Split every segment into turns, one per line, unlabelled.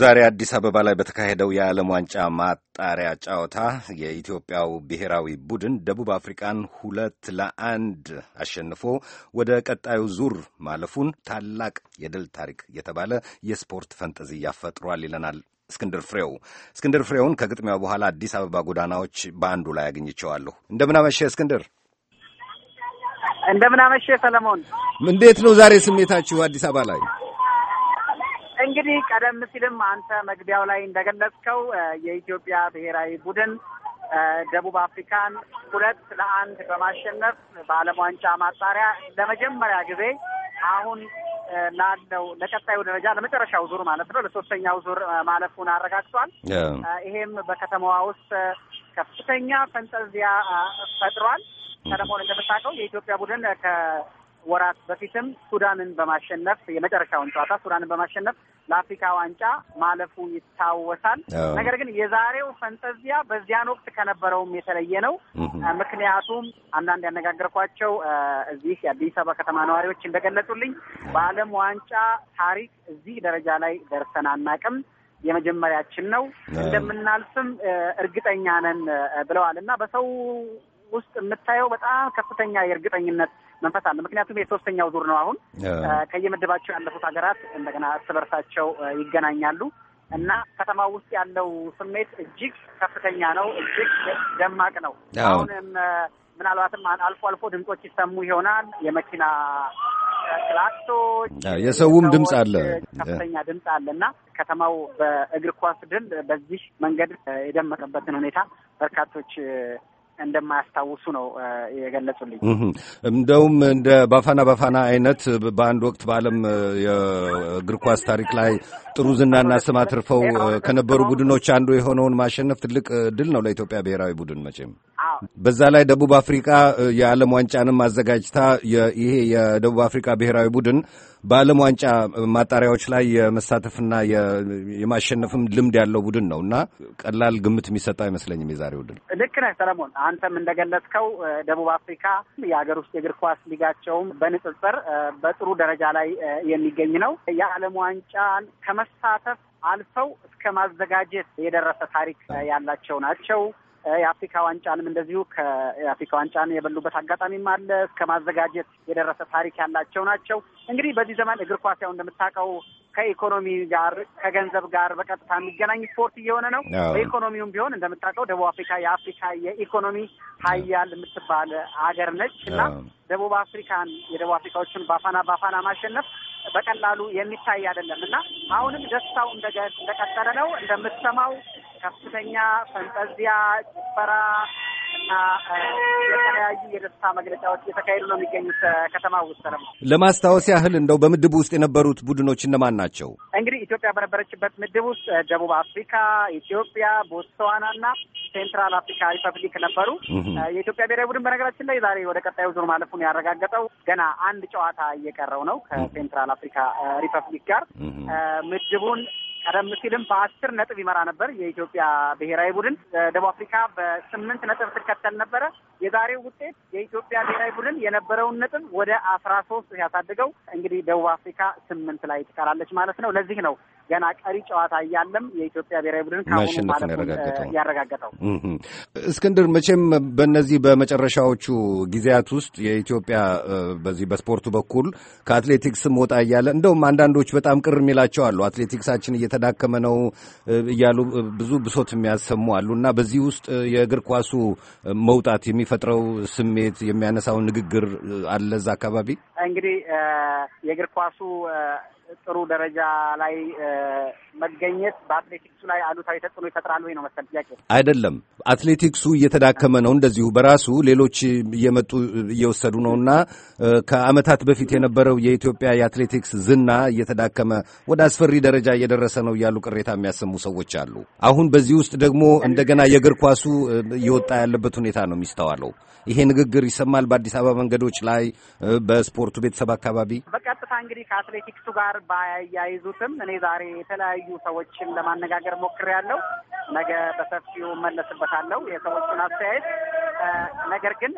ዛሬ አዲስ አበባ ላይ በተካሄደው የዓለም ዋንጫ ማጣሪያ ጨዋታ የኢትዮጵያው ብሔራዊ ቡድን ደቡብ አፍሪቃን ሁለት ለአንድ አሸንፎ ወደ ቀጣዩ ዙር ማለፉን ታላቅ የድል ታሪክ የተባለ የስፖርት ፈንጠዝያ ፈጥሯል ይለናል እስክንድር ፍሬው። እስክንድር ፍሬውን ከግጥሚያው በኋላ አዲስ አበባ ጎዳናዎች በአንዱ ላይ አግኝቸዋለሁ። እንደምናመሸ እስክንድር።
እንደምናመሸ ሰለሞን።
እንዴት ነው ዛሬ ስሜታችሁ አዲስ አበባ ላይ?
እንግዲህ ቀደም ሲልም አንተ መግቢያው ላይ እንደገለጽከው የኢትዮጵያ ብሔራዊ ቡድን ደቡብ አፍሪካን ሁለት ለአንድ በማሸነፍ በዓለም ዋንጫ ማጣሪያ ለመጀመሪያ ጊዜ አሁን ላለው ለቀጣዩ ደረጃ ለመጨረሻው ዙር ማለት ነው ለሶስተኛው ዙር ማለፉን አረጋግጧል። ይሄም በከተማዋ ውስጥ ከፍተኛ ፈንጠዚያ ፈጥሯል። ሰለሞን እንደምታውቀው የኢትዮጵያ ቡድን ከ ወራት በፊትም ሱዳንን በማሸነፍ የመጨረሻውን ጨዋታ ሱዳንን በማሸነፍ ለአፍሪካ ዋንጫ ማለፉ ይታወሳል። ነገር ግን የዛሬው ፈንጠዚያ በዚያን ወቅት ከነበረውም የተለየ ነው። ምክንያቱም አንዳንድ ያነጋገርኳቸው እዚህ የአዲስ አበባ ከተማ ነዋሪዎች እንደገለጹልኝ በዓለም ዋንጫ ታሪክ እዚህ ደረጃ ላይ ደርሰን አናቅም የመጀመሪያችን ነው እንደምናልፍም እርግጠኛ ነን ብለዋል እና በሰው ውስጥ የምታየው በጣም ከፍተኛ የእርግጠኝነት መንፈስ አለ። ምክንያቱም የሶስተኛው ዙር ነው። አሁን ከየምድባቸው ያለፉት ሀገራት እንደገና እርስ በርሳቸው ይገናኛሉ እና ከተማ ውስጥ ያለው ስሜት እጅግ ከፍተኛ ነው። እጅግ ደማቅ ነው። አሁንም ምናልባትም አልፎ አልፎ ድምጾች ይሰሙ ይሆናል። የመኪና ክላክሶች፣ የሰውም ድምፅ አለ፣ ከፍተኛ ድምፅ አለ እና ከተማው በእግር ኳስ ድል በዚህ መንገድ የደመቀበትን ሁኔታ በርካቶች እንደማያስታውሱ ነው የገለጹልኝ።
እንደውም እንደ ባፋና ባፋና አይነት በአንድ ወቅት በዓለም የእግር ኳስ ታሪክ ላይ ጥሩ ዝናና ስም አትርፈው ከነበሩ ቡድኖች አንዱ የሆነውን ማሸነፍ ትልቅ ድል ነው ለኢትዮጵያ ብሔራዊ ቡድን መቼም በዛ ላይ ደቡብ አፍሪካ የዓለም ዋንጫንም አዘጋጅታ ይሄ የደቡብ አፍሪካ ብሔራዊ ቡድን በዓለም ዋንጫ ማጣሪያዎች ላይ የመሳተፍና የማሸነፍም ልምድ ያለው ቡድን ነው እና ቀላል ግምት የሚሰጠው አይመስለኝም የዛሬ ቡድን
ልክ ነህ ሰለሞን፣ አንተም እንደገለጽከው ደቡብ አፍሪካ የሀገር ውስጥ የእግር ኳስ ሊጋቸውም በንጽጽር በጥሩ ደረጃ ላይ የሚገኝ ነው። የዓለም ዋንጫን ከመሳተፍ አልፈው እስከ ማዘጋጀት የደረሰ ታሪክ ያላቸው ናቸው። የአፍሪካ ዋንጫንም እንደዚሁ ከአፍሪካ ዋንጫን የበሉበት አጋጣሚም አለ። እስከ ማዘጋጀት የደረሰ ታሪክ ያላቸው ናቸው። እንግዲህ በዚህ ዘመን እግር ኳስ ያው እንደምታውቀው ከኢኮኖሚ ጋር ከገንዘብ ጋር በቀጥታ የሚገናኝ ስፖርት እየሆነ ነው። በኢኮኖሚውም ቢሆን እንደምታውቀው ደቡብ አፍሪካ የአፍሪካ የኢኮኖሚ ሀያል የምትባል አገር ነች እና ደቡብ አፍሪካን የደቡብ አፍሪካዎችን ባፋና ባፋና ማሸነፍ በቀላሉ የሚታይ አይደለም እና አሁንም ደስታው እንደቀጠለ ነው። እንደምትሰማው ከፍተኛ ፈንጠዚያ፣ ጭፈራ እና የተለያዩ የደስታ መግለጫዎች እየተካሄዱ ነው የሚገኙት ከተማ ውስጥ።
ለማስታወስ ያህል እንደው በምድቡ ውስጥ የነበሩት ቡድኖች እነማን ናቸው?
እንግዲህ ኢትዮጵያ በነበረችበት ምድብ ውስጥ ደቡብ አፍሪካ፣ ኢትዮጵያ፣ ቦትስዋና እና ሴንትራል አፍሪካ ሪፐብሊክ ነበሩ። የኢትዮጵያ ብሔራዊ ቡድን በነገራችን ላይ ዛሬ ወደ ቀጣዩ ዙር ማለፉን ያረጋገጠው ገና አንድ ጨዋታ እየቀረው ነው ከሴንትራል አፍሪካ ሪፐብሊክ ጋር ምድቡን ቀደም ሲልም በአስር ነጥብ ይመራ ነበር የኢትዮጵያ ብሔራዊ ቡድን። ደቡብ አፍሪካ በስምንት ነጥብ ትከተል ነበረ። የዛሬው ውጤት የኢትዮጵያ ብሔራዊ ቡድን የነበረውን ነጥብ ወደ አስራ ሶስት ሲያሳድገው እንግዲህ ደቡብ አፍሪካ ስምንት ላይ ትቀራለች ማለት ነው። ለዚህ ነው ገና ቀሪ ጨዋታ እያለም የኢትዮጵያ ብሔራዊ ቡድን ከአሁኑ ያረጋገጠው።
እስክንድር፣ መቼም በእነዚህ በመጨረሻዎቹ ጊዜያት ውስጥ የኢትዮጵያ በዚህ በስፖርቱ በኩል ከአትሌቲክስም ወጣ እያለ እንደውም አንዳንዶች በጣም ቅር የሚላቸው አሉ። አትሌቲክሳችን እየተዳከመ ነው እያሉ ብዙ ብሶት የሚያሰሙ አሉ እና በዚህ ውስጥ የእግር ኳሱ መውጣት የሚፈጥረው ስሜት የሚያነሳው ንግግር አለ እዛ አካባቢ
እንግዲህ የእግር ኳሱ ጥሩ ደረጃ ላይ መገኘት በአትሌቲክሱ ላይ አሉታዊ ተጽዕኖ ይፈጥራል ወይ ነው መሰል ጥያቄ።
አይደለም አትሌቲክሱ እየተዳከመ ነው እንደዚሁ በራሱ ሌሎች እየመጡ እየወሰዱ ነው እና ከአመታት በፊት የነበረው የኢትዮጵያ የአትሌቲክስ ዝና እየተዳከመ ወደ አስፈሪ ደረጃ እየደረሰ ነው እያሉ ቅሬታ የሚያሰሙ ሰዎች አሉ። አሁን በዚህ ውስጥ ደግሞ እንደገና የእግር ኳሱ እየወጣ ያለበት ሁኔታ ነው የሚስተዋለው። ይሄ ንግግር ይሰማል በአዲስ አበባ መንገዶች ላይ በስፖርቱ ቤተሰብ አካባቢ
እንግዲህ ከአትሌቲክሱ ጋር ባያይዙትም እኔ ዛሬ የተለያዩ ሰዎችን ለማነጋገር ሞክሬያለሁ። ነገ በሰፊው መለስበታለው የሰዎችን አስተያየት። ነገር ግን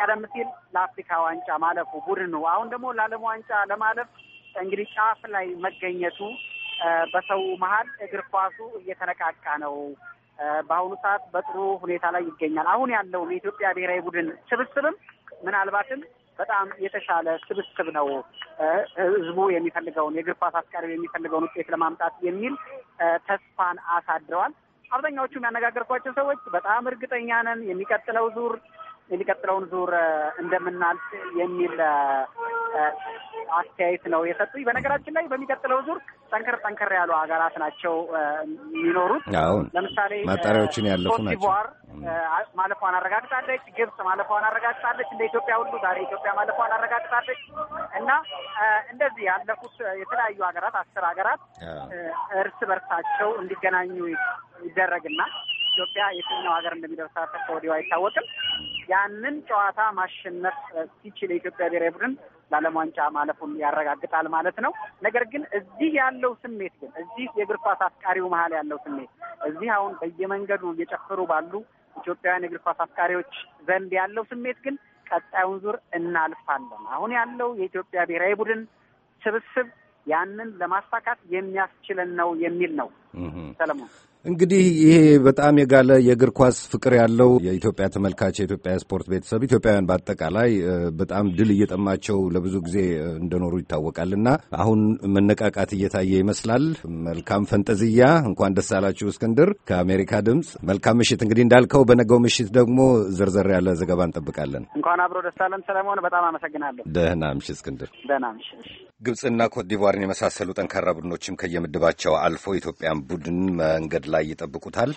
ቀደም ሲል ለአፍሪካ ዋንጫ ማለፉ ቡድኑ አሁን ደግሞ ለዓለም ዋንጫ ለማለፍ እንግዲህ ጫፍ ላይ መገኘቱ በሰው መሀል እግር ኳሱ እየተነቃቃ ነው። በአሁኑ ሰዓት በጥሩ ሁኔታ ላይ ይገኛል። አሁን ያለውን የኢትዮጵያ ብሔራዊ ቡድን ስብስብም ምናልባትም በጣም የተሻለ ስብስብ ነው። ህዝቡ የሚፈልገውን የእግር ኳስ አፍቃሪው የሚፈልገውን ውጤት ለማምጣት የሚል ተስፋን አሳድረዋል። አብዛኛዎቹ የሚያነጋገርኳቸው ሰዎች በጣም እርግጠኛ ነን የሚቀጥለው ዙር የሚቀጥለውን ዙር እንደምናልፍ የሚል አስተያየት ነው የሰጡኝ። በነገራችን ላይ በሚቀጥለው ዙር ጠንከር ጠንከር ያሉ ሀገራት ናቸው የሚኖሩት። አሁን ለምሳሌ ማጣሪያዎችን ያለፉ ናቸው። ማለፏን አረጋግጣለች። ግብጽ ማለፏን አረጋግጣለች። እንደ ኢትዮጵያ ሁሉ ዛሬ ኢትዮጵያ ማለፏን አረጋግጣለች እና እንደዚህ ያለፉት የተለያዩ ሀገራት አስር ሀገራት እርስ በርሳቸው እንዲገናኙ ይደረግና ኢትዮጵያ የትኛው ሀገር እንደሚደርሳት ከወዲሁ አይታወቅም። ያንን ጨዋታ ማሸነፍ ሲችል የኢትዮጵያ ብሔራዊ ቡድን ለዓለም ዋንጫ ማለፉን ያረጋግጣል ማለት ነው። ነገር ግን እዚህ ያለው ስሜት ግን እዚህ የእግር ኳስ አፍቃሪው መሀል ያለው ስሜት እዚህ አሁን በየመንገዱ እየጨፈሩ ባሉ ኢትዮጵያውያን የእግር ኳስ አፍቃሪዎች ዘንድ ያለው ስሜት ግን ቀጣዩን ዙር እናልፋለን። አሁን ያለው የኢትዮጵያ ብሔራዊ ቡድን ስብስብ ያንን ለማሳካት የሚያስችለን ነው የሚል ነው። ሰለሞን
እንግዲህ ይሄ በጣም የጋለ የእግር ኳስ ፍቅር ያለው የኢትዮጵያ ተመልካች የኢትዮጵያ ስፖርት ቤተሰብ ኢትዮጵያውያን በአጠቃላይ በጣም ድል እየጠማቸው ለብዙ ጊዜ እንደኖሩ ይታወቃል እና አሁን መነቃቃት እየታየ ይመስላል። መልካም ፈንጠዝያ። እንኳን ደስ አላችሁ እስክንድር ከአሜሪካ ድምፅ። መልካም ምሽት። እንግዲህ እንዳልከው በነገው ምሽት ደግሞ ዘርዘር ያለ ዘገባ እንጠብቃለን።
እንኳን አብሮ ደስ አለን ሰለሞን፣ በጣም አመሰግናለሁ።
ደህና ምሽት እስክንድር። ደህና ምሽት። ግብፅና ኮትዲቯርን የመሳሰሉ ጠንካራ ቡድኖችም ከየምድባቸው አልፎ ኢትዮጵያ ቡድን መንገድ ላይ ይጠብቁታል።